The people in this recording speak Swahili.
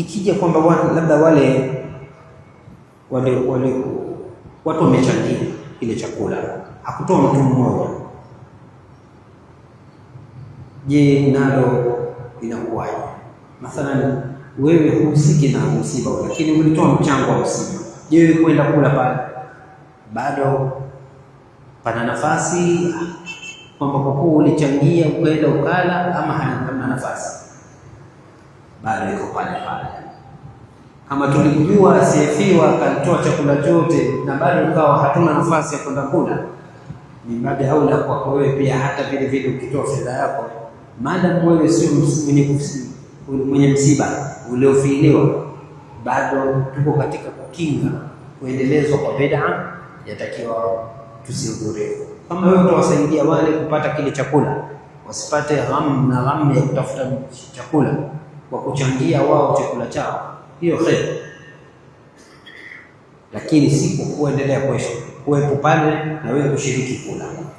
ikija kwamba labda wale wale wale watu wamechangia ile chakula, hakutoa mtu mmoja, je, nalo inakuwaje? Mathalan wewe huhusiki na msiba, lakini ulitoa mchango wa msiba. Je, wewe kwenda kula pale bado pana nafasi kwamba kwa kuwa ulichangia ukaenda ukala, ama hana nafasi? bado iko pale pale. Kama tulikujua asiyefiwa akatoa chakula chote na bado ukawa hatuna nafasi ya kwenda kula, ni mada la kwako wewe pia, hata vile vile ukitoa fedha yako, maadamu wewe sio mwenye msiba uliofiiliwa, bado tuko katika kukinga kuendelezwa kwa bid'a, yatakiwa tusihudhurie. Kama wewe utawasaidia wale kupata kile chakula, wasipate hamu na hamu ya kutafuta chakula kwa kuchangia wao chakula chao, hiyo kheri, lakini si kwa kuendelea kuwepo pale na wewe kushiriki kula.